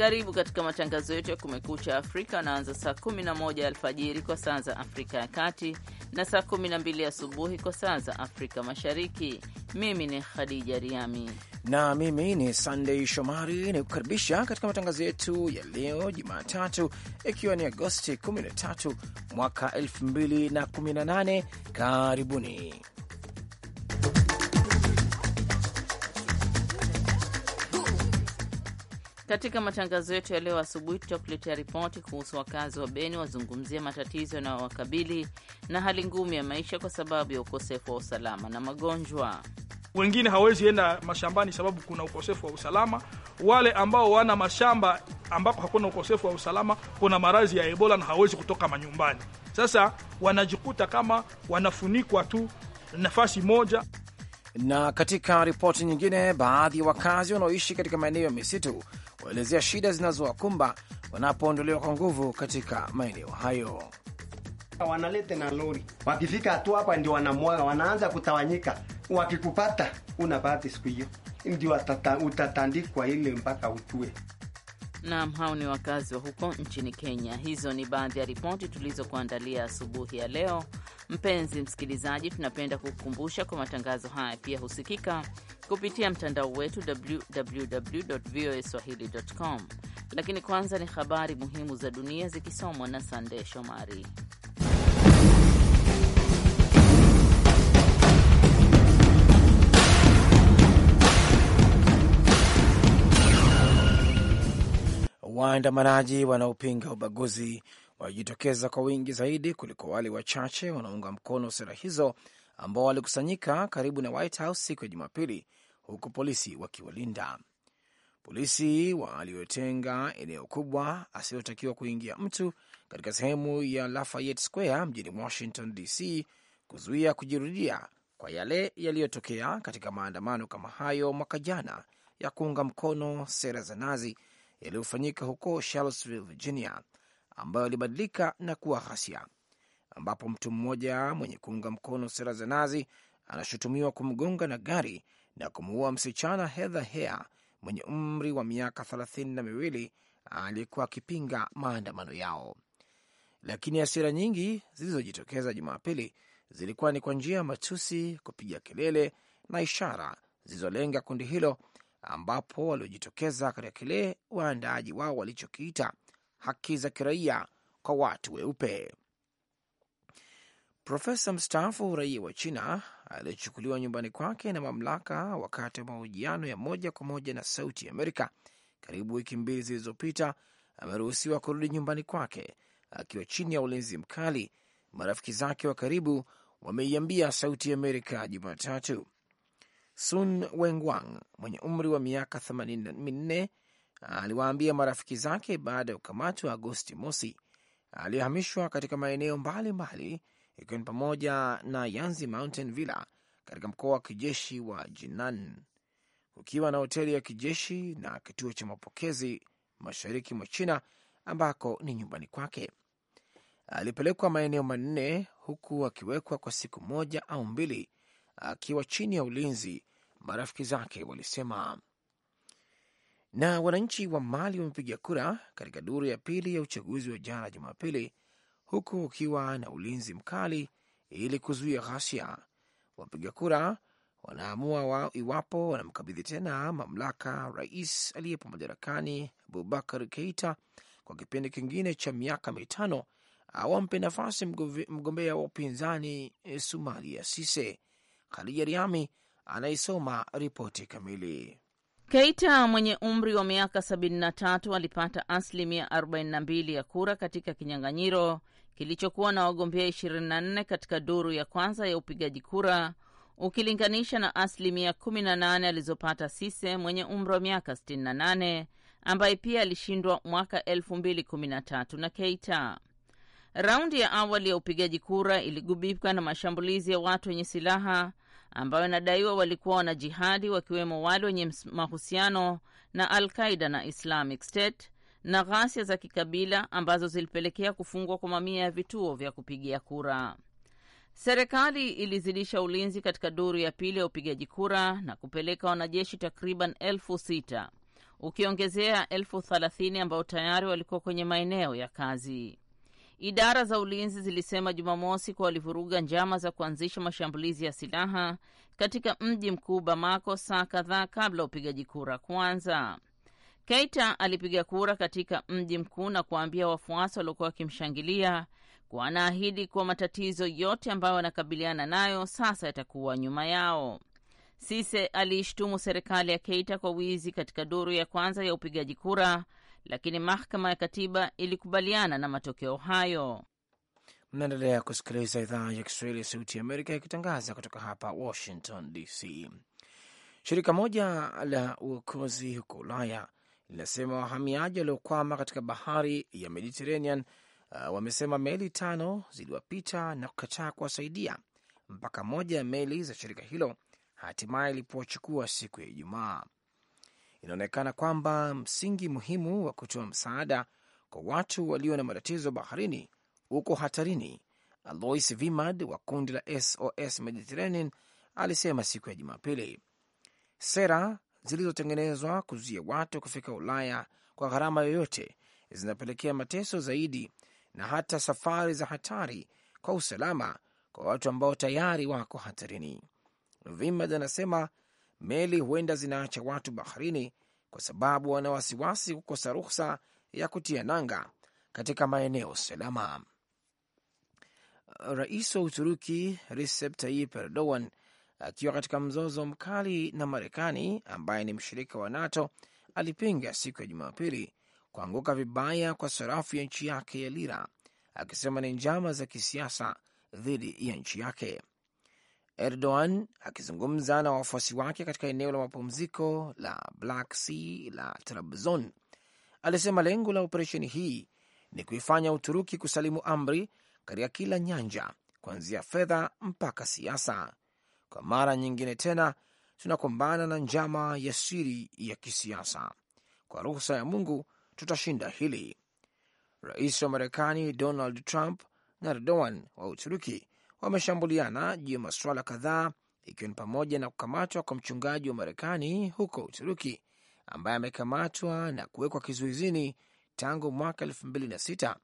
Karibu katika matangazo yetu ya Kumekucha Afrika anaanza saa 11 alfajiri kwa saa za Afrika ya Kati na saa 12 asubuhi kwa saa za Afrika Mashariki. Mimi ni Khadija Riami na mimi ni Sandei Shomari ni kukaribisha katika matangazo yetu ya leo Jumatatu, ikiwa ni Agosti 13 mwaka 2018. Karibuni. Katika matangazo yetu ya leo asubuhi, tutakuletea ripoti kuhusu wakazi wa Beni wazungumzia matatizo yanayowakabili na hali ngumu ya maisha kwa sababu ya ukosefu wa usalama na magonjwa. Wengine hawezi enda mashambani sababu kuna ukosefu wa usalama. Wale ambao wana mashamba ambako hakuna ukosefu wa usalama, kuna maradhi ya Ebola na hawezi kutoka manyumbani. Sasa wanajikuta kama wanafunikwa tu nafasi moja. Na katika ripoti nyingine, baadhi ya wakazi wanaoishi katika maeneo ya misitu waelezea shida zinazowakumba wanapoondolewa kwa nguvu katika maeneo hayo. Wanalete na lori, wakifika hatua hapa ndio wanamwaga, wanaanza kutawanyika. Wakikupata una bahati, siku hiyo ndio utatandikwa ile mpaka utue. Naam, hao ni wakazi wa huko nchini Kenya. Hizo ni baadhi ya ripoti tulizokuandalia asubuhi ya leo. Mpenzi msikilizaji, tunapenda kukukumbusha kwa matangazo haya pia husikika kupitia mtandao wetu www voa Lakini kwanza ni habari muhimu za dunia zikisomwa na Sandey Shomari. Waandamanaji wanaopinga ubaguzi walijitokeza kwa wingi zaidi kuliko wale wachache wanaunga mkono sera hizo ambao walikusanyika karibu na White House siku ya Jumapili huku polisi wakiwalinda. Polisi waliotenga eneo kubwa asiyotakiwa kuingia mtu katika sehemu ya Lafayette Square mjini Washington DC kuzuia kujirudia kwa yale yaliyotokea katika maandamano kama hayo mwaka jana ya kuunga mkono sera za Nazi yaliyofanyika huko Charlottesville, Virginia, ambayo alibadilika na kuwa ghasia, ambapo mtu mmoja mwenye kuunga mkono sera za Nazi anashutumiwa kumgonga na gari na kumuua msichana Heather Heyer mwenye umri wa miaka thelathini na miwili aliyekuwa akipinga maandamano yao. Lakini hasira nyingi zilizojitokeza Jumapili zilikuwa ni kwa njia ya matusi, kupiga kelele na ishara zilizolenga kundi hilo, ambapo waliojitokeza katika kile waandaaji wao walichokiita haki za kiraia kwa watu weupe. Profesa mstaafu raia wa China aliyechukuliwa nyumbani kwake na mamlaka wakati wa mahojiano ya moja kwa moja na Sauti Amerika karibu wiki mbili zilizopita, ameruhusiwa kurudi nyumbani kwake akiwa chini ya ulinzi mkali. Marafiki zake wa karibu wameiambia Sauti Amerika Jumatatu. Sun Wengwang mwenye umri wa miaka 84 aliwaambia marafiki zake baada ya ukamatwa Agosti mosi aliyehamishwa katika maeneo mbalimbali ikiwa ni pamoja na Yanzi Mountain Villa katika mkoa wa kijeshi wa Jinan, kukiwa na hoteli ya kijeshi na kituo cha mapokezi mashariki mwa China ambako ni nyumbani kwake. Alipelekwa maeneo manne huku akiwekwa kwa siku moja au mbili akiwa chini ya ulinzi, marafiki zake walisema. Na wananchi wa Mali wamepiga kura katika duru ya pili ya uchaguzi wa jana Jumapili huku ukiwa na ulinzi mkali ili kuzuia ghasia. Wapiga kura wanaamua wa iwapo wanamkabidhi tena mamlaka rais aliyepo madarakani Abubakar Keita kwa kipindi kingine cha miaka mitano au ampe nafasi mgombea wa upinzani eh, Sumalia Sise. Khadija Riami anaisoma ripoti kamili. Keita mwenye umri wa miaka 73 alipata asilimia 42 ya kura katika kinyang'anyiro kilichokuwa na wagombea 24 katika duru ya kwanza ya upigaji kura ukilinganisha na asilimia 18 alizopata Sise mwenye umri wa miaka 68 ambaye pia alishindwa mwaka 2013 na Keita. Raundi ya awali ya upigaji kura iligubika na mashambulizi ya watu wenye silaha ambayo inadaiwa walikuwa wanajihadi, wakiwemo wale wenye mahusiano na Al Qaida na Islamic State na ghasia za kikabila ambazo zilipelekea kufungwa kwa mamia ya vituo vya kupigia kura. Serikali ilizidisha ulinzi katika duru ya pili ya upigaji kura na kupeleka wanajeshi takriban elfu sita ukiongezea elfu thelathini ambao tayari walikuwa kwenye maeneo ya kazi. Idara za ulinzi zilisema Jumamosi kuwa walivuruga njama za kuanzisha mashambulizi ya silaha katika mji mkuu Bamako saa kadhaa kabla upigaji kura kuanza. Keita alipiga kura katika mji mkuu na kuwaambia wafuasi waliokuwa wakimshangilia kuwa anaahidi kuwa matatizo yote ambayo wanakabiliana nayo sasa yatakuwa nyuma yao. Sise aliishtumu serikali ya Keita kwa wizi katika duru ya kwanza ya upigaji kura, lakini mahakama ya katiba ilikubaliana na matokeo hayo. Mnaendelea kusikiliza idhaa ya Kiswahili ya Sauti ya Amerika ikitangaza kutoka hapa Washington DC. Shirika moja la uokozi huko Ulaya linasema wahamiaji waliokwama katika bahari ya Mediterranean uh, wamesema meli tano ziliwapita na kukataa kuwasaidia mpaka moja ya meli za shirika hilo hatimaye ilipowachukua siku ya Ijumaa. Inaonekana kwamba msingi muhimu wa kutoa msaada kwa watu walio na matatizo baharini uko hatarini, Alois Vimad wa kundi la SOS Mediterranean alisema siku ya Jumapili. Sera zilizotengenezwa kuzuia watu kufika Ulaya kwa gharama yoyote zinapelekea mateso zaidi na hata safari za hatari kwa usalama kwa watu ambao tayari wako hatarini. Vimad anasema meli huenda zinaacha watu baharini kwa sababu wana wasiwasi kukosa ruhusa ya kutia nanga katika maeneo salama. Rais wa Uturuki Recep Tayyip Erdogan akiwa katika mzozo mkali na Marekani ambaye ni mshirika wa NATO, alipinga siku ya Jumapili kuanguka vibaya kwa sarafu ya nchi yake ya lira, akisema ni njama za kisiasa dhidi ya nchi yake. Erdogan akizungumza na wafuasi wake katika eneo la mapumziko la Black Sea la Trabzon alisema lengo la operesheni hii ni kuifanya Uturuki kusalimu amri katika kila nyanja, kuanzia fedha mpaka siasa. Kwa mara nyingine tena tunakumbana na njama ya siri ya kisiasa. Kwa ruhusa ya Mungu tutashinda hili. Rais wa Marekani Donald Trump na Erdogan wa Uturuki wameshambuliana juu ya masuala kadhaa, ikiwa ni pamoja na kukamatwa kwa mchungaji wa Marekani huko Uturuki ambaye amekamatwa na kuwekwa kizuizini tangu mwaka elfu mbili na sita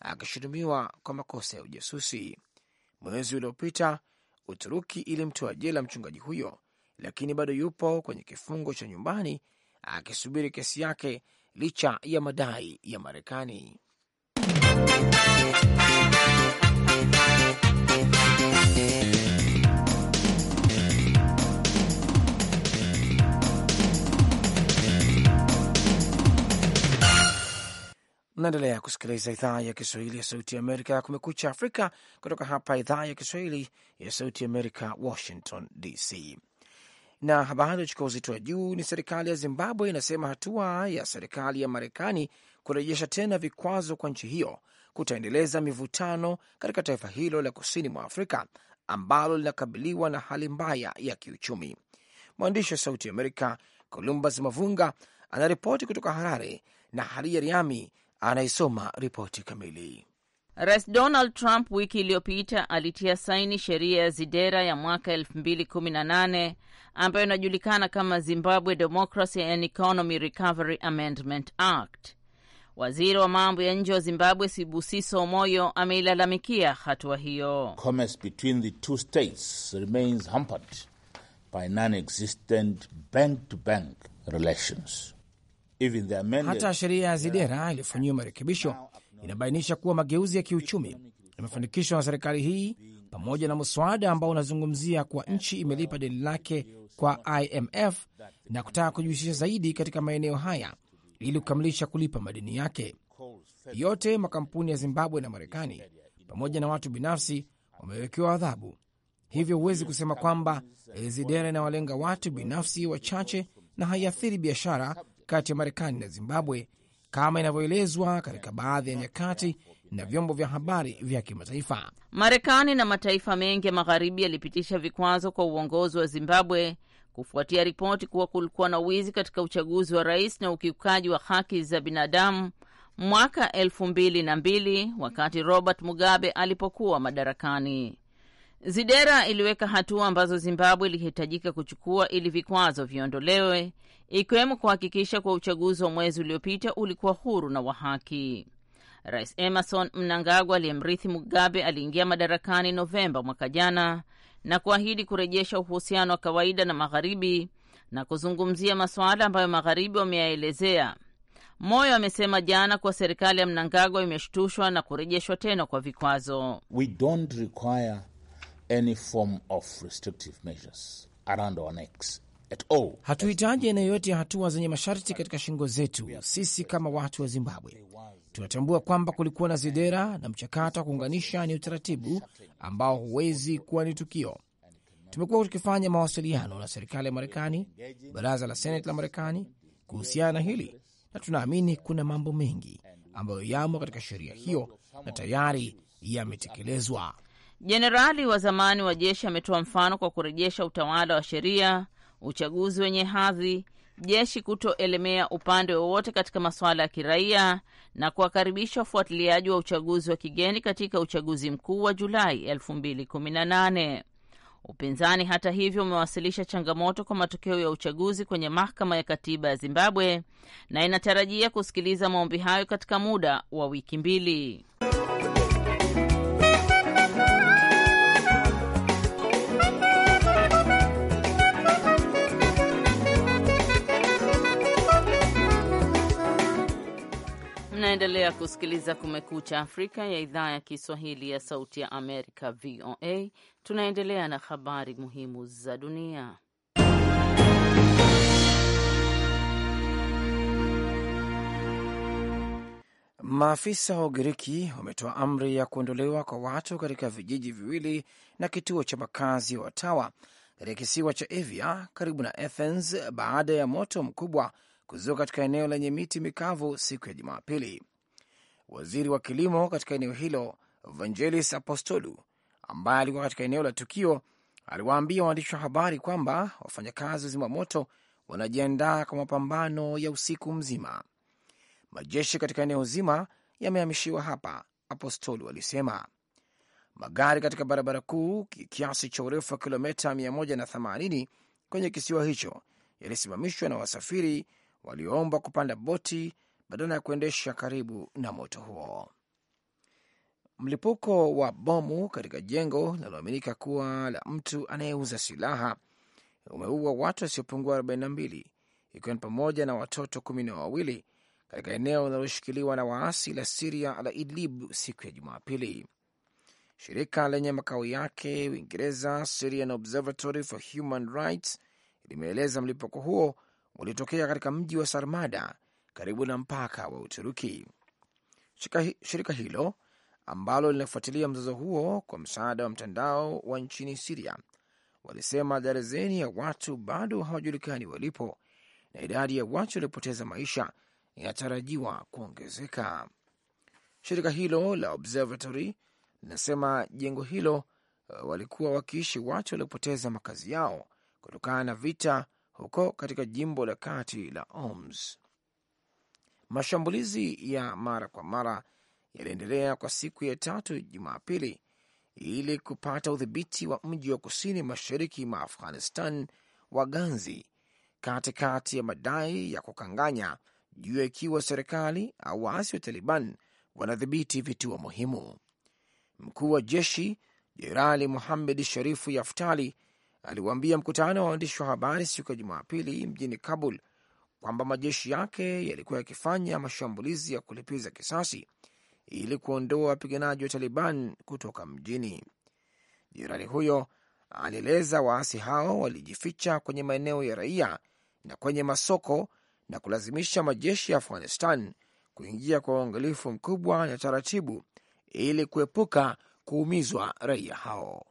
akishutumiwa kwa makosa ya ujasusi. Mwezi uliopita Uturuki ilimtoa jela mchungaji huyo, lakini bado yupo kwenye kifungo cha nyumbani akisubiri kesi yake licha ya madai ya Marekani. unaendelea kusikiliza idhaa ya Kiswahili ya Sauti ya Amerika, Kumekucha Afrika, kutoka hapa idhaa ya Kiswahili ya Sauti Amerika, Washington DC. Na habari uchukua uzito wa juu ni serikali ya Zimbabwe inasema hatua ya serikali ya Marekani kurejesha tena vikwazo kwa nchi hiyo kutaendeleza mivutano katika taifa hilo la kusini mwa Afrika ambalo linakabiliwa na hali mbaya ya kiuchumi. Mwandishi wa Sauti Amerika Columbus Mavunga anaripoti kutoka Harare na Haria Riami anayesoma ripoti kamili. Rais Donald Trump wiki iliyopita alitia saini sheria ya ZIDERA ya mwaka 2018 ambayo inajulikana kama Zimbabwe Democracy and Economy Recovery Amendment Act. Waziri wa mambo ya nje wa Zimbabwe Sibusiso Moyo ameilalamikia hatua hiyo. Commerce between the two states remains hampered by non-existent bank-to-bank relations hata sheria ya Zidera iliyofanyiwa marekebisho inabainisha kuwa mageuzi ya kiuchumi yamefanikishwa na serikali hii pamoja na mswada ambao unazungumzia kuwa nchi imelipa deni lake kwa IMF na kutaka kujihusisha zaidi katika maeneo haya ili kukamilisha kulipa madeni yake yote. Makampuni ya Zimbabwe na Marekani pamoja na watu binafsi wamewekewa adhabu, hivyo huwezi kusema kwamba eh, Zidera inawalenga watu binafsi wachache na haiathiri biashara kati ya Marekani na Zimbabwe kama inavyoelezwa katika baadhi ya nyakati na vyombo vya habari vya kimataifa. Marekani na mataifa mengi ya magharibi yalipitisha vikwazo kwa uongozi wa Zimbabwe kufuatia ripoti kuwa kulikuwa na wizi katika uchaguzi wa rais na ukiukaji wa haki za binadamu mwaka elfu mbili na mbili wakati Robert Mugabe alipokuwa madarakani. Zidera iliweka hatua ambazo Zimbabwe ilihitajika kuchukua ili vikwazo viondolewe, ikiwemo kuhakikisha kuwa uchaguzi wa mwezi uliopita ulikuwa huru na wa haki. Rais Emerson Mnangagwa aliyemrithi Mugabe aliingia madarakani Novemba mwaka jana na kuahidi kurejesha uhusiano wa kawaida na Magharibi na kuzungumzia masuala ambayo Magharibi wameyaelezea. Moyo amesema jana kuwa serikali ya Mnangagwa imeshtushwa na kurejeshwa tena kwa vikwazo. We don't require any form of restrictive measures around our necks. Hatuhitaji aina yoyote ya hatua zenye masharti katika shingo zetu. Sisi kama watu wa Zimbabwe tunatambua kwamba kulikuwa na zidera na mchakato wa kuunganisha ni utaratibu ambao huwezi kuwa ni tukio. Tumekuwa tukifanya mawasiliano na serikali ya Marekani, baraza la seneti la Marekani kuhusiana na hili, na tunaamini kuna mambo mengi ambayo yamo katika sheria hiyo na tayari yametekelezwa. Jenerali wa zamani wa jeshi ametoa mfano kwa kurejesha utawala wa sheria, uchaguzi wenye hadhi, jeshi kutoelemea upande wowote katika masuala ya kiraia na kuwakaribisha wafuatiliaji wa uchaguzi wa kigeni katika uchaguzi mkuu wa Julai 2018. Upinzani hata hivyo umewasilisha changamoto kwa matokeo ya uchaguzi kwenye mahakama ya katiba ya Zimbabwe na inatarajia kusikiliza maombi hayo katika muda wa wiki mbili. Mnaendelea kusikiliza Kumekucha Afrika ya idhaa ya Kiswahili ya Sauti ya Amerika, VOA. Tunaendelea na habari muhimu za dunia. Maafisa wa Ugiriki wametoa amri ya kuondolewa kwa watu katika vijiji viwili na kituo cha makazi ya watawa katika kisiwa cha Evia karibu na Athens baada ya moto mkubwa kuzuka katika eneo lenye miti mikavu siku ya Jumapili. Waziri wa kilimo katika eneo hilo Vangelis Apostolu, ambaye alikuwa katika eneo la tukio, aliwaambia waandishi wa habari kwamba wafanyakazi wa zimamoto wanajiandaa kwa mapambano ya usiku mzima. Majeshi katika eneo zima yamehamishiwa hapa, Apostolu alisema. Magari katika barabara kuu kiasi cha urefu wa kilomita 180 kwenye kisiwa hicho yalisimamishwa na wasafiri walioomba kupanda boti badala ya kuendesha karibu na moto huo. Mlipuko wa bomu katika jengo linaloaminika kuwa la mtu anayeuza silaha umeua watu wasiopungua 42 ikiwa ni pamoja na watoto kumi na wawili katika eneo linaloshikiliwa na waasi la Siria la Idlib siku ya Jumapili. Shirika lenye makao yake Uingereza, Syrian Observatory for Human Rights, limeeleza mlipuko huo uliotokea katika mji wa Sarmada karibu na mpaka wa Uturuki. Shirika hilo ambalo linafuatilia mzozo huo kwa msaada wa mtandao wa nchini Siria walisema darazeni ya watu bado hawajulikani walipo na idadi ya watu waliopoteza maisha inatarajiwa kuongezeka. Shirika hilo la Observatory linasema jengo hilo uh, walikuwa wakiishi watu waliopoteza makazi yao kutokana na vita huko katika jimbo la kati la Oms. Mashambulizi ya mara kwa mara yaliendelea kwa siku ya tatu Jumapili ili kupata udhibiti wa mji wa kusini mashariki mwa Afghanistan wa Ganzi, katikati ya madai ya kukanganya juu ya ikiwa serikali au waasi wa Taliban wanadhibiti vituo wa muhimu. Mkuu wa jeshi Jenerali Muhamed Sharifu Yaftali aliwaambia mkutano wa waandishi wa habari siku ya Jumapili mjini Kabul kwamba majeshi yake yalikuwa yakifanya mashambulizi ya kulipiza kisasi ili kuondoa wapiganaji wa Taliban kutoka mjini. Jenerali huyo alieleza waasi hao walijificha kwenye maeneo ya raia na kwenye masoko na kulazimisha majeshi ya Afghanistan kuingia kwa uangalifu mkubwa na taratibu ili kuepuka kuumizwa raia hao.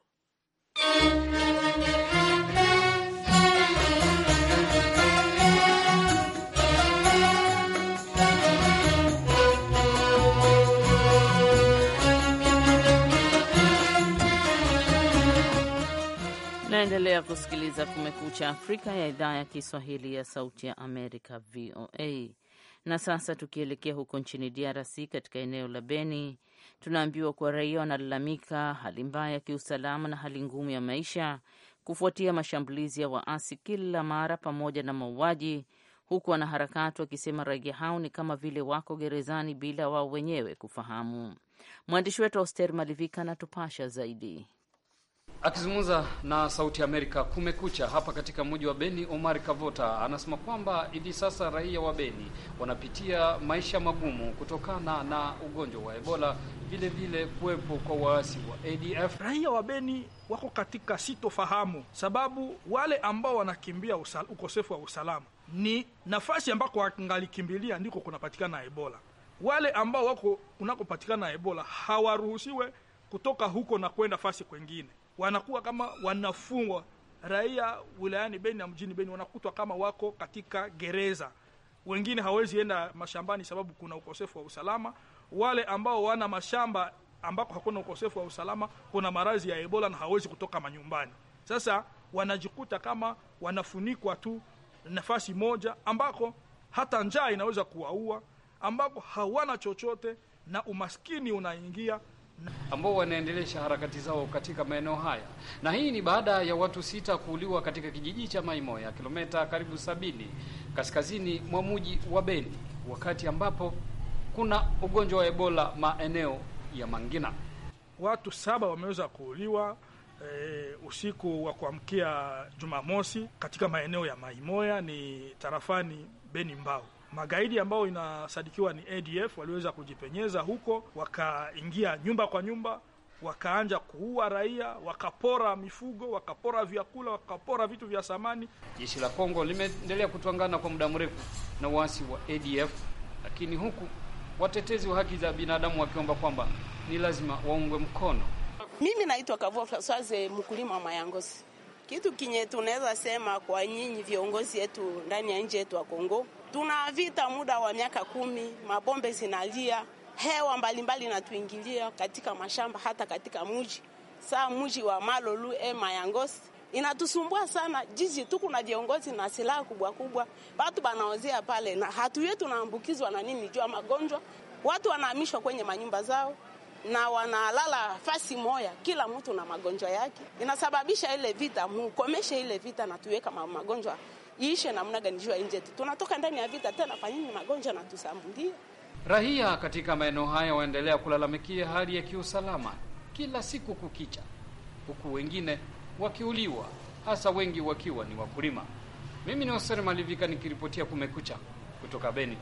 Naendelea kusikiliza Kumekucha Afrika ya idhaa ya Kiswahili ya Sauti ya Amerika, VOA. Na sasa tukielekea huko nchini DRC, katika eneo la Beni, tunaambiwa kuwa raia wanalalamika hali mbaya ya kiusalama na hali ngumu ya maisha kufuatia mashambulizi ya waasi kila mara pamoja na mauaji, huku wanaharakati wakisema raia hao ni kama vile wako gerezani bila wao wenyewe kufahamu. Mwandishi wetu Auster Malivika anatupasha zaidi. Akizungumza na Sauti Amerika Kumekucha hapa katika mji wa Beni, Omar Kavota anasema kwamba hivi sasa raia wa Beni wanapitia maisha magumu kutokana na ugonjwa wa Ebola, vile vile kuwepo kwa waasi wa ADF. Raia wa Beni wako katika sitofahamu, sababu wale ambao wanakimbia usal, ukosefu wa usalama ni nafasi ambako wangalikimbilia ndiko kunapatikana Ebola. Wale ambao wako kunakopatikana Ebola hawaruhusiwe kutoka huko na kwenda fasi kwengine wanakuwa kama wanafungwa. Raia wilayani Beni na mjini Beni wanakutwa kama wako katika gereza, wengine hawezi enda mashambani sababu kuna ukosefu wa usalama. Wale ambao wana mashamba ambako hakuna ukosefu wa usalama, kuna maradhi ya Ebola na hawezi kutoka manyumbani. Sasa wanajikuta kama wanafunikwa tu nafasi moja ambako hata njaa inaweza kuwaua, ambako hawana chochote na umaskini unaingia ambao wanaendelesha harakati zao katika maeneo haya, na hii ni baada ya watu sita kuuliwa katika kijiji cha Maimoya, kilomita karibu sabini kaskazini mwa mji wa Beni, wakati ambapo kuna ugonjwa wa Ebola maeneo ya Mangina. Watu saba wameweza kuuliwa e, usiku wa kuamkia Jumamosi katika maeneo ya Maimoya ni tarafani Beni Mbau magaidi ambao inasadikiwa ni ADF waliweza kujipenyeza huko, wakaingia nyumba kwa nyumba, wakaanja kuua raia, wakapora mifugo, wakapora vyakula, wakapora vitu vya samani. Jeshi la Kongo limeendelea kutwangana kwa muda mrefu na uasi wa ADF, lakini huku watetezi wa haki za binadamu wakiomba kwamba ni lazima waungwe mkono. Mimi naitwa Kavua Francoise, mkulima wa mayangosi. Kitu kinye tunaweza sema kwa nyinyi viongozi yetu ndani ya nchi yetu wa Kongo Tuna vita muda wa miaka kumi, mabombe zinalia, hewa mbalimbali inatuingilia katika mashamba, hata katika mji saa mji wa Malolu e Mayangosi inatusumbua sana. Jiji tuku na viongozi na silaha kubwa kubwa, watu banaozea pale na yetu naambukizwa na nini jua magonjwa, watu wanahamishwa kwenye manyumba zao na wanalala fasi moya, kila mtu na magonjwa yake, inasababisha ile vita. Mukomeshe ile vita na tuweka magonjwa iishe namna gani jua nje tu. Tunatoka ndani ya vita tena, kwa nini magonjwa natusambulia? Raia katika maeneo haya waendelea kulalamikia hali ya kiusalama kila siku kukicha, huku wengine wakiuliwa, hasa wengi wakiwa ni wakulima. Mimi ni Hoseri Malivika nikiripotia Kumekucha kutoka Beni.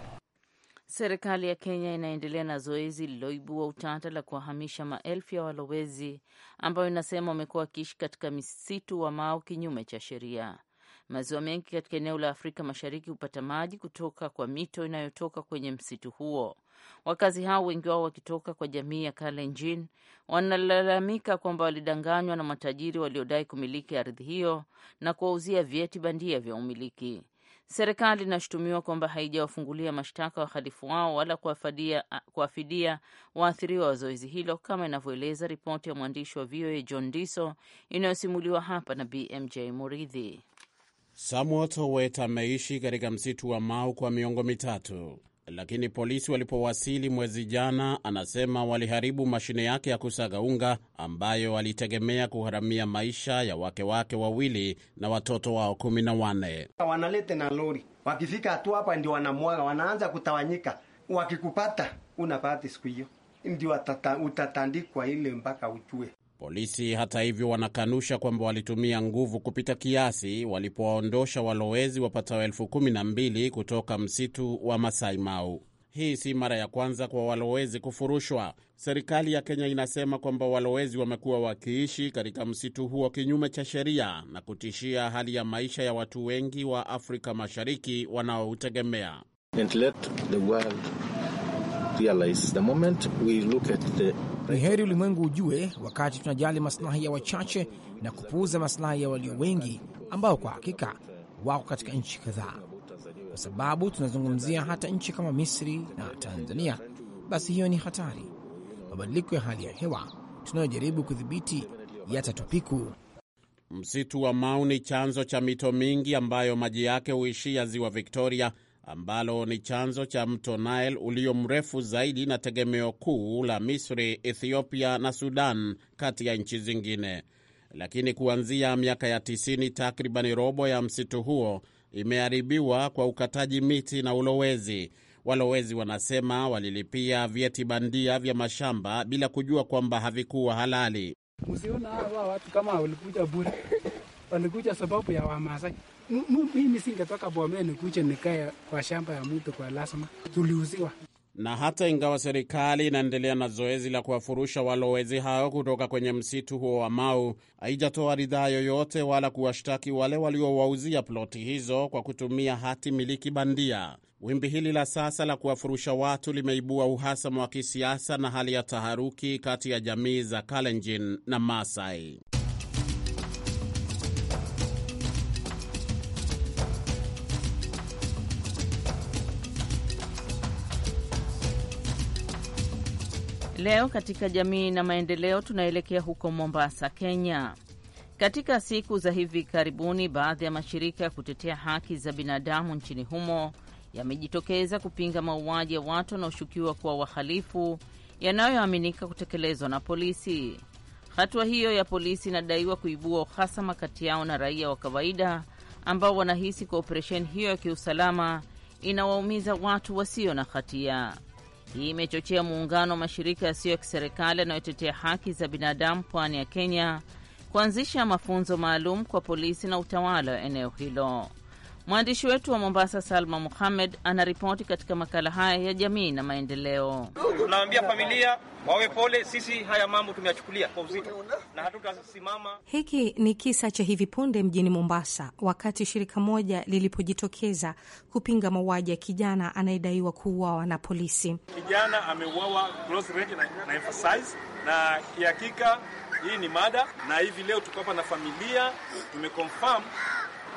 Serikali ya Kenya inaendelea na zoezi lililoibua utata la kuwahamisha maelfu ya walowezi ambayo inasema wamekuwa wakiishi katika misitu wa Mao kinyume cha sheria. Maziwa mengi katika eneo la Afrika Mashariki hupata maji kutoka kwa mito inayotoka kwenye msitu huo. Wakazi hao, wengi wao wakitoka kwa jamii ya Kalenjin, wanalalamika kwamba walidanganywa na matajiri waliodai kumiliki ardhi hiyo na kuwauzia vyeti bandia vya umiliki. Serikali inashutumiwa kwamba haijawafungulia mashtaka wahalifu wao wala kuwafidia waathiriwa wa zoezi hilo, kama inavyoeleza ripoti ya mwandishi wa VOA John Diso inayosimuliwa hapa na BMJ Muridhi. Samuel Towet ameishi katika msitu wa Mau kwa miongo mitatu, lakini polisi walipowasili mwezi jana, anasema waliharibu mashine yake ya kusaga unga ambayo alitegemea kuharamia maisha ya wake wake wawili na watoto wao kumi na wanne. Wanalete na lori, wakifika hatu hapa ndio wanamwaga, wanaanza kutawanyika. Wakikupata unapati siku hiyo, ndio utatandikwa ile mpaka ujue. Polisi hata hivyo wanakanusha kwamba walitumia nguvu kupita kiasi walipowaondosha walowezi wapatao elfu kumi na mbili kutoka msitu wa Masai Mau. Hii si mara ya kwanza kwa walowezi kufurushwa. Serikali ya Kenya inasema kwamba walowezi wamekuwa wakiishi katika msitu huo kinyume cha sheria na kutishia hali ya maisha ya watu wengi wa Afrika Mashariki wanaoutegemea. Ni heri ulimwengu ujue wakati tunajali masilahi ya wachache na kupuuza masilahi ya walio wengi ambao kwa hakika wako katika nchi kadhaa. Kwa sababu tunazungumzia hata nchi kama Misri na Tanzania, basi hiyo ni hatari. Mabadiliko ya hali ya hewa tunayojaribu kudhibiti yatatupiku. Msitu wa Mau ni chanzo cha mito mingi ambayo maji yake huishia ziwa Victoria ambalo ni chanzo cha mto Nile ulio mrefu zaidi na tegemeo kuu la Misri, Ethiopia na Sudan kati ya nchi zingine. Lakini kuanzia miaka ya 90 takribani robo ya msitu huo imeharibiwa kwa ukataji miti na ulowezi. Walowezi wanasema walilipia vyeti bandia vya mashamba bila kujua kwamba havikuwa halali. Usiona hawa watu kama walikuja bure, walikuja sababu ya Wamasai mimi singetoka Bomeni kuja nikae kwa shamba ya mtu kwa lazima, tuliuziwa. Na hata ingawa serikali inaendelea na zoezi la kuwafurusha walowezi hao kutoka kwenye msitu huo wa Mau, haijatoa ridhaa yoyote wala kuwashtaki wale waliowauzia ploti hizo kwa kutumia hati miliki bandia. Wimbi hili la sasa la kuwafurusha watu limeibua uhasama wa kisiasa na hali ya taharuki kati ya jamii za Kalenjin na Masai. Leo katika jamii na maendeleo tunaelekea huko Mombasa, Kenya. Katika siku za hivi karibuni, baadhi ya mashirika ya kutetea haki za binadamu nchini humo yamejitokeza kupinga mauaji ya watu wanaoshukiwa kuwa wahalifu yanayoaminika kutekelezwa na polisi. Hatua hiyo ya polisi inadaiwa kuibua uhasama kati yao na raia wa kawaida ambao wanahisi kwa operesheni hiyo ya kiusalama inawaumiza watu wasio na hatia. Hii imechochea muungano wa mashirika yasiyo ya kiserikali yanayotetea haki za binadamu pwani ya Kenya kuanzisha mafunzo maalum kwa polisi na utawala wa eneo hilo. Mwandishi wetu wa Mombasa, Salma Muhamed, anaripoti katika makala haya ya jamii na maendeleo. Tunaambia familia wawe pole, sisi haya mambo tumeyachukulia kwa uzito na hatutasimama. Hiki ni kisa cha hivi punde mjini Mombasa, wakati shirika moja lilipojitokeza kupinga mauaji ya kijana anayedaiwa kuuawa na polisi. Kijana ameuawa close range na, na emphasize na kihakika hii ni mada, na hivi leo tuko hapa na familia tumeconfirm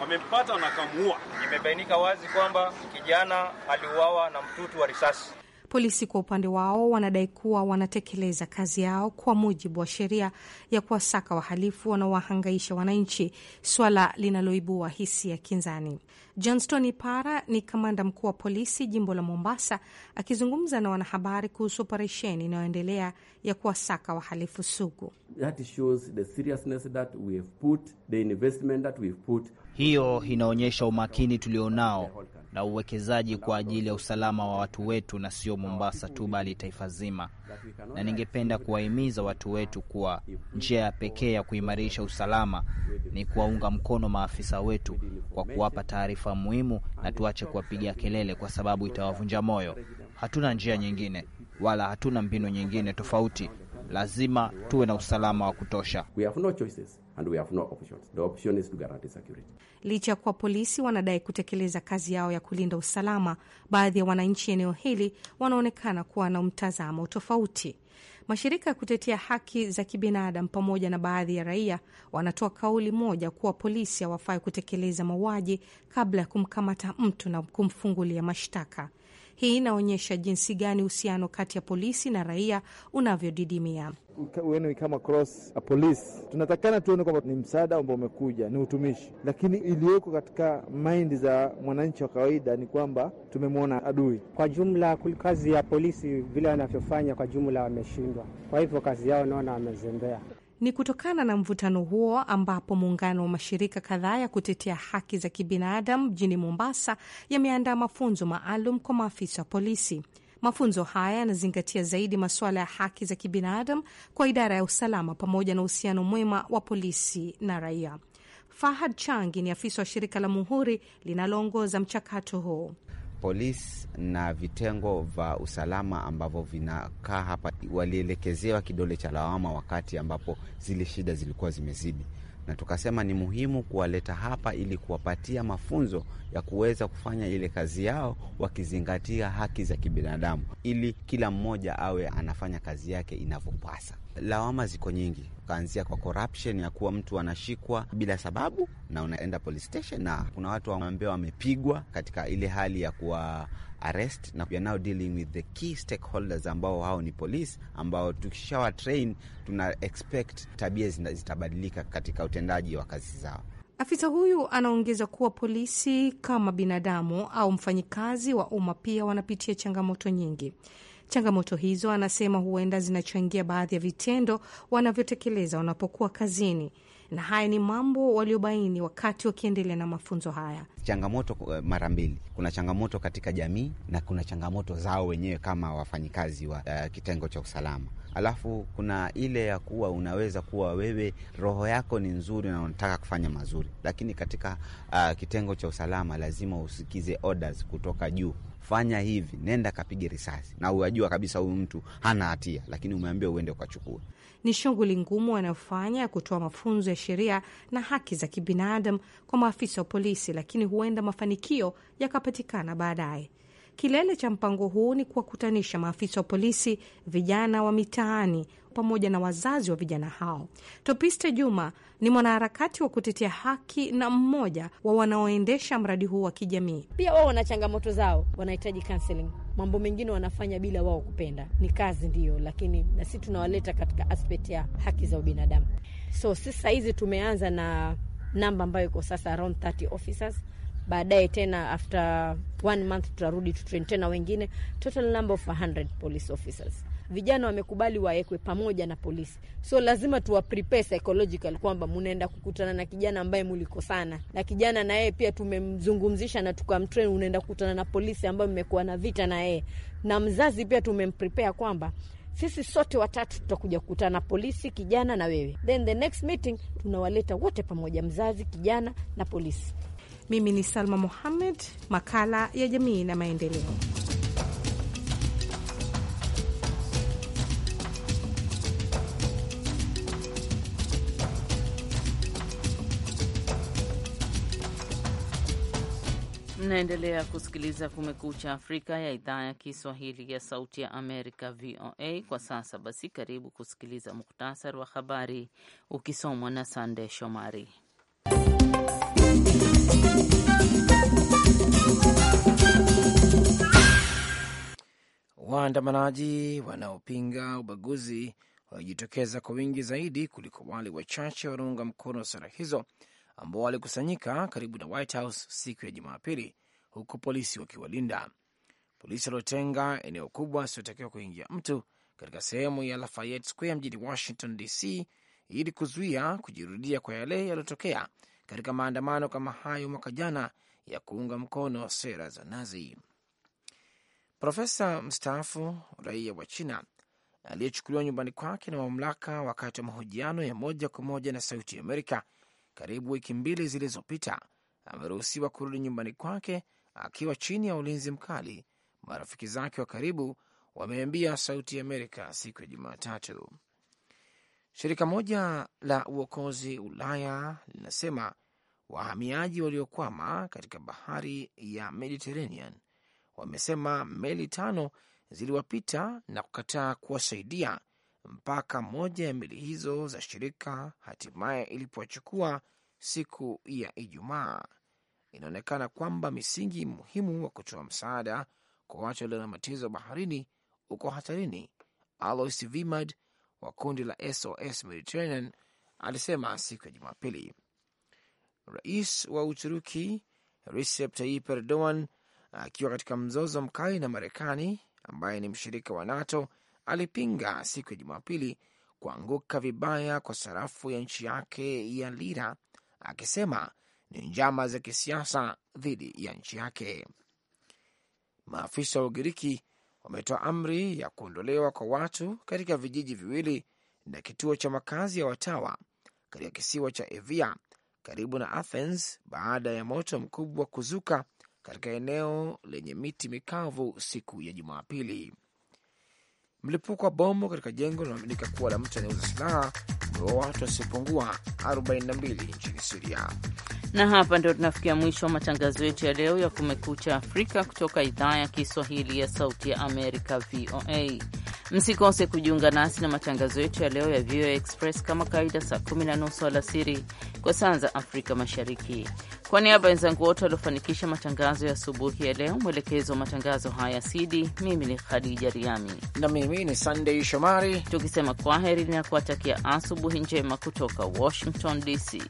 wamempata na kamua. Imebainika wazi kwamba kijana aliuawa na mtutu wa risasi. Polisi kwa upande wao wanadai kuwa wanatekeleza kazi yao kwa mujibu wa sheria ya kuwasaka wahalifu wanaowahangaisha wananchi, swala linaloibua hisia kinzani. Johnston Ipara ni kamanda mkuu wa polisi jimbo la Mombasa, akizungumza na wanahabari kuhusu operesheni inayoendelea ya kuwasaka wahalifu sugu. That shows the seriousness that we have put, the investment that we have put. Hiyo inaonyesha umakini tulionao na uwekezaji kwa ajili ya usalama wa watu wetu, na sio Mombasa tu bali taifa zima, na ningependa kuwahimiza watu wetu kuwa njia ya pekee ya kuimarisha usalama ni kuwaunga mkono maafisa wetu kwa kuwapa taarifa muhimu, na tuache kuwapiga kelele kwa sababu itawavunja moyo. Hatuna njia nyingine wala hatuna mbinu nyingine tofauti. Lazima tuwe na usalama wa kutosha. We have no choices and we have no options. The option is to guarantee security. Licha ya kuwa polisi wanadai kutekeleza kazi yao ya kulinda usalama, baadhi ya wananchi eneo hili wanaonekana kuwa na mtazamo tofauti. Mashirika ya kutetea haki za kibinadamu pamoja na baadhi ya raia wanatoa kauli moja kuwa polisi hawafai kutekeleza mauaji kabla ya kumkamata mtu na kumfungulia mashtaka. Hii inaonyesha jinsi gani uhusiano kati ya polisi na raia unavyodidimia. Ni kama cross a police, tunatakana tuone kwamba ni msaada ambao umekuja, ni utumishi, lakini iliyoko katika maindi za mwananchi wa kawaida ni kwamba tumemwona adui. Kwa jumla, kazi ya polisi vile wanavyofanya kwa jumla wameshindwa, kwa hivyo kazi yao naona wamezembea. Ni kutokana na mvutano huo ambapo muungano wa mashirika kadhaa ya kutetea haki za kibinadamu mjini Mombasa yameandaa mafunzo maalum kwa maafisa wa polisi. Mafunzo haya yanazingatia zaidi masuala ya haki za kibinadamu kwa idara ya usalama pamoja na uhusiano mwema wa polisi na raia. Fahad Changi ni afisa wa shirika la Muhuri linaloongoza mchakato huu polisi na vitengo vya usalama ambavyo vinakaa hapa walielekezewa kidole cha lawama wakati ambapo zile shida zilikuwa zimezidi, na tukasema ni muhimu kuwaleta hapa ili kuwapatia mafunzo ya kuweza kufanya ile kazi yao wakizingatia haki za kibinadamu, ili kila mmoja awe anafanya kazi yake inavyopasa lawama ziko nyingi, ukaanzia kwa corruption ya kuwa mtu anashikwa bila sababu na unaenda police station, na kuna watu ambao wamepigwa katika ile hali ya kuwa arrest, na we are now dealing with the key stakeholders ambao hao ni police, ambao tukishawa train tuna expect tabia zitabadilika katika utendaji wa kazi zao. Afisa huyu anaongeza kuwa polisi kama binadamu au mfanyikazi wa umma pia wanapitia changamoto nyingi. Changamoto hizo anasema huenda zinachangia baadhi ya vitendo wanavyotekeleza wanapokuwa kazini na haya ni mambo waliobaini wakati wakiendelea na mafunzo haya. Changamoto eh, mara mbili, kuna changamoto katika jamii na kuna changamoto zao wenyewe kama wafanyikazi wa uh, kitengo cha usalama. Alafu kuna ile ya kuwa unaweza kuwa wewe roho yako ni nzuri na unataka kufanya mazuri, lakini katika uh, kitengo cha usalama lazima usikize orders kutoka juu Fanya hivi, nenda kapige risasi, na unajua kabisa huyu mtu hana hatia, lakini umeambiwa uende ukachukua ni shughuli ngumu wanayofanya ya kutoa mafunzo ya sheria na haki za kibinadamu kwa maafisa wa polisi, lakini huenda mafanikio yakapatikana baadaye. Kilele cha mpango huu ni kuwakutanisha maafisa wa polisi, vijana wa mitaani pamoja na wazazi wa vijana hao. Topiste Juma ni mwanaharakati wa kutetea haki na mmoja wa wanaoendesha mradi huu wa kijamii. Pia wao wana changamoto zao, wanahitaji counseling mambo mengine wanafanya bila wao kupenda. Ni kazi ndiyo, lakini na sisi tunawaleta katika aspect ya haki za ubinadamu. So sisi sahizi hizi tumeanza na namba ambayo iko sasa around 30 officers baadaye tena after one month tutarudi tutrain tena wengine, total number of 100 police officers. Vijana wamekubali waekwe pamoja na polisi, so lazima tuwa prepare psychological kwamba mnaenda kukutana na kijana ambaye mulikosana na kijana na yeye pia tumemzungumzisha na tukamtrain. Unaenda kukutana na polisi ambaye mmekuwa na vita na yeye, na mzazi pia tumemprepare kwamba sisi sote watatu tutakuja kukutana na polisi, kijana na wewe, then the next meeting tunawaleta wote pamoja, mzazi, kijana na polisi. Mimi ni Salma Mohammed, makala ya jamii na maendeleo. Mnaendelea kusikiliza Kumekucha Afrika ya idhaa ya Kiswahili ya Sauti ya Amerika, VOA. Kwa sasa basi, karibu kusikiliza muhtasari wa habari ukisomwa na Sande Shomari. Waandamanaji wanaopinga ubaguzi walijitokeza kwa wingi zaidi kuliko wale wachache wanaunga mkono sera hizo ambao walikusanyika karibu na White House siku ya Jumapili, huku polisi wakiwalinda. Polisi waliotenga eneo kubwa asiotakiwa kuingia mtu katika sehemu ya Lafayette Square mjini Washington DC ili kuzuia kujirudia kwa yale yaliyotokea katika maandamano kama hayo mwaka jana ya kuunga mkono sera za Nazi. Profesa mstaafu raia wa China aliyechukuliwa nyumbani kwake na mamlaka wakati wa mahojiano ya moja kwa moja na Sauti Amerika karibu wiki mbili zilizopita ameruhusiwa kurudi nyumbani kwake akiwa chini ya ulinzi mkali, marafiki zake wa karibu wameambia Sauti Amerika siku ya Jumatatu. Shirika moja la uokozi Ulaya linasema Wahamiaji waliokwama katika bahari ya Mediterranean wamesema meli tano ziliwapita na kukataa kuwasaidia mpaka moja ya meli hizo za shirika hatimaye ilipowachukua siku ya Ijumaa. Inaonekana kwamba misingi muhimu wa kutoa msaada kwa watu walio na matatizo baharini uko hatarini, Alois Vimad wa kundi la SOS Mediterranean alisema siku ya Jumapili. Rais wa Uturuki Recep Tayyip Erdogan akiwa katika mzozo mkali na Marekani ambaye ni mshirika wa NATO alipinga siku ya Jumapili kuanguka vibaya kwa sarafu ya nchi yake ya lira, akisema ni njama za kisiasa dhidi ya nchi yake. Maafisa wa Ugiriki wametoa amri ya kuondolewa kwa watu katika vijiji viwili na kituo cha makazi ya watawa katika kisiwa cha Evia karibu na Athens baada ya moto mkubwa kuzuka katika eneo lenye miti mikavu siku ya Jumapili. Mlipuko wa bomu katika jengo linaaminika kuwa la mtu anayeuza silaha umeua watu wasiopungua 42 nchini Siria. Na hapa ndio tunafikia mwisho wa matangazo yetu ya leo ya Kumekucha Afrika kutoka idhaa ya Kiswahili ya Sauti ya Amerika, VOA. Msikose kujiunga nasi na matangazo yetu ya leo ya VOA Express kama kawaida, saa kumi na nusu alasiri kwa saa za Afrika Mashariki. Kwa niaba ya wenzangu wote waliofanikisha matangazo ya asubuhi ya leo, mwelekezo wa matangazo haya Sidi, mimi ni Khadija Riami na mimi ni Sandey Shomari, tukisema kwaheri na kuwatakia asubuhi njema kutoka Washington DC.